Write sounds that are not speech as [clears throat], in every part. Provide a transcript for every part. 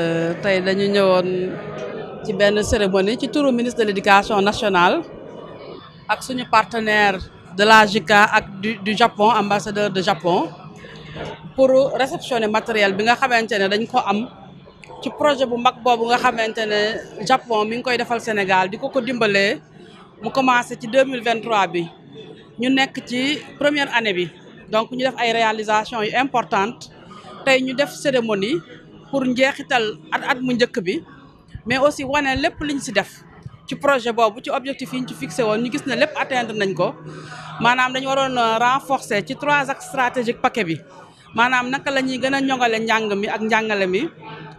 Euh, tay dañu ñëwoon ci benn cérémonie ci turu ministre de l'éducation nationale ak suñu partenaire de la JICA ak du Japon ambassadeur de Japon pour réceptionner matériel bi nga xamante ne dañ ko am ci projet bu mag boobu nga xamante ne Japon mi ngi koy defal Sénégal di ko ko mu commencé ci 2023 bi ñu nekk ci première année bi donc ñu def ay réalisation importante importantes tey ñu def cérémonie pour njeexital at at mu njëkk bi mais aussi wane lépp liñ si def ci projet boobu ci objectif yi ñu ci fixé woon ñu gis ne lépp atteindre nañ ko maanaam dañu waroon euh, renforcer ci trois axes stratégiques paquet bi maanaam naka la ñuy gën a ñongale njàng mi ak njàngale mi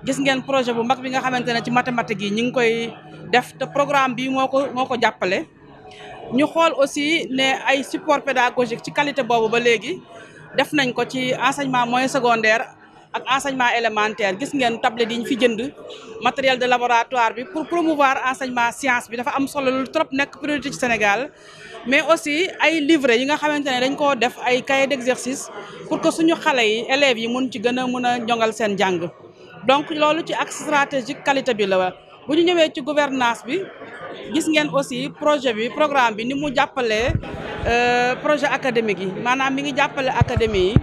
gis ngeen projet bu mag bi nga xamante ne ci mathématiques yi ñu ngi koy def te programme bi moo ko moo ko jàppale ñu xool aussi ne ay support pédagogique ci qualité boobu ba léegi def nañ ko ci enseignement moyen secondaire ak enseignement élémentaire gis ngeen tablette yi ñu fi jënd matériel de laboratoire bi pour promouvoir enseignement science bi dafa am solo lu trop nekk priorité ci Sénégal mais aussi ay livret yi nga xamante ne dañ koo def ay cahier d'exercice pour que suñu xale yi élèves yi mun ci gën a mun a jongal seen jàng donc loolu ci axe stratégique qualité bi la bu ñu ñëwee ci gouvernance bi gis ngeen aussi projet bi programme bi ni mu jàppalee euh, projet académique yi maanaam mi ngi jàppale académie yi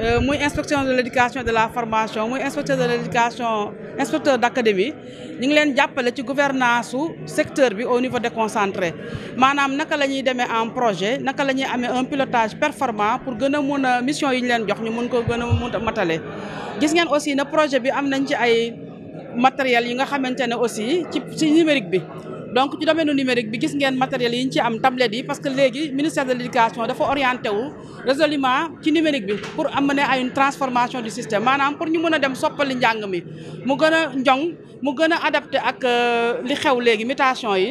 Euh, moi, inspection de l'éducation et de la formation moi inspecteur de l'éducation, inspecteur d'académie, académie ñu ngi leen jàppale ci gouvernance secteur bi au niveau déconcentré maanaam naka la ñuy demee en projet naka la ñuy un pilotage performant pour gën a mission yi ñu leen jox ñu mun ko gën a mun gis aussi na projet bi am nañ ci ay matériels yi nga aussi ci ci numérique bi. donc ci domaine numérique bi gis ngeen matériel yi ñu ci am tablette yi parce que léegi ministère de l'éducation dafa orienté résolument ci numérique bi pour amener à une transformation du système maanaam pour ñu mën a dem soppali njàng mi mu gën a njong mu gën a adapté ak euh, li xew léegi mutation yi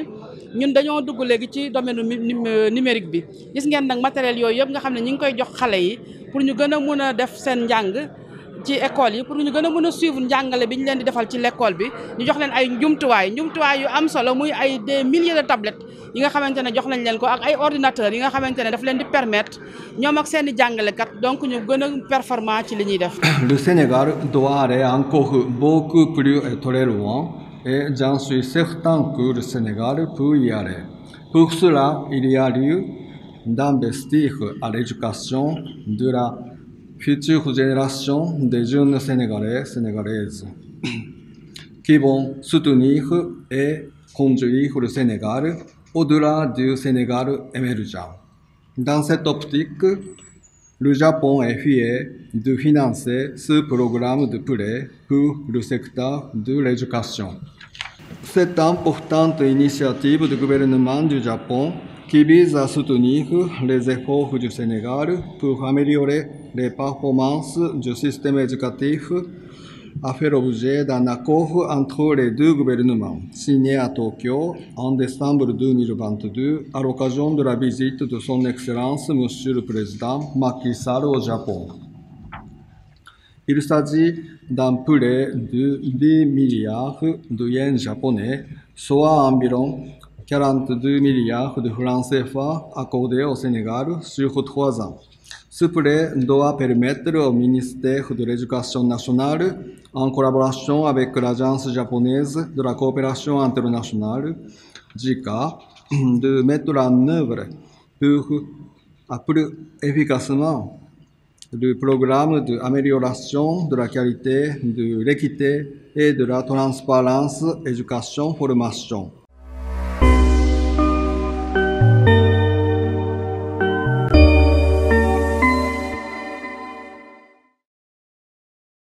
ñun dañoo dugg léegi ci domaine euh, numérique bi gis ngeen nag matériel yooyu yëpp nga xam ne ñu ngi koy jox xale yi pour ñu gën a mun a def seen njàng ci école yi pour ñu gëna mëna suivre njàngale biñu ñu leen di defal ci l'école bi ñu jox leen ay njumtuway njumtuway yu am solo muy ay des milliers de tablettes yi nga xamante jox nañ leen ko ak ay ordinateurs yi nga xamante daf leen di permettre ñom ak seen i kat donc ñu gëna performant ci li ñuy def. [coughs] Le Sénégal doit aller encore beaucoup plus très loin et j'en suis certain que le Sénégal peut y aller. Pour cela, il y a lieu d'investir à l'éducation de la Future génération des jeunes Sénégalais, Sénégalaises [clears throat] qui vont soutenir et conduire le Sénégal au-delà du Sénégal émergent. Dans cette optique, le Japon est fier de financer ce programme de prêt pour le secteur de l'éducation. Cette importante initiative du gouvernement du Japon qui vise à soutenir les efforts du Sénégal pour améliorer les performances du système éducatif à faire l'objet d'un accord entre les deux gouvernements, signé à Tokyo en décembre 2022 à l'occasion de la visite de Son Excellence Monsieur le Président Macky Sall au Japon. Il s'agit d'un poulet de 10 milliards de yens japonais, soit environ 42 milliards de francs CFA accordés au Sénégal sur trois ans. Ce prêt doit permettre au ministère de l'Éducation nationale, en collaboration avec l'Agence japonaise de la coopération internationale, JICA, de mettre en œuvre pour plus efficacement le programme d'amélioration de la qualité, de l'équité et de la transparence éducation-formation.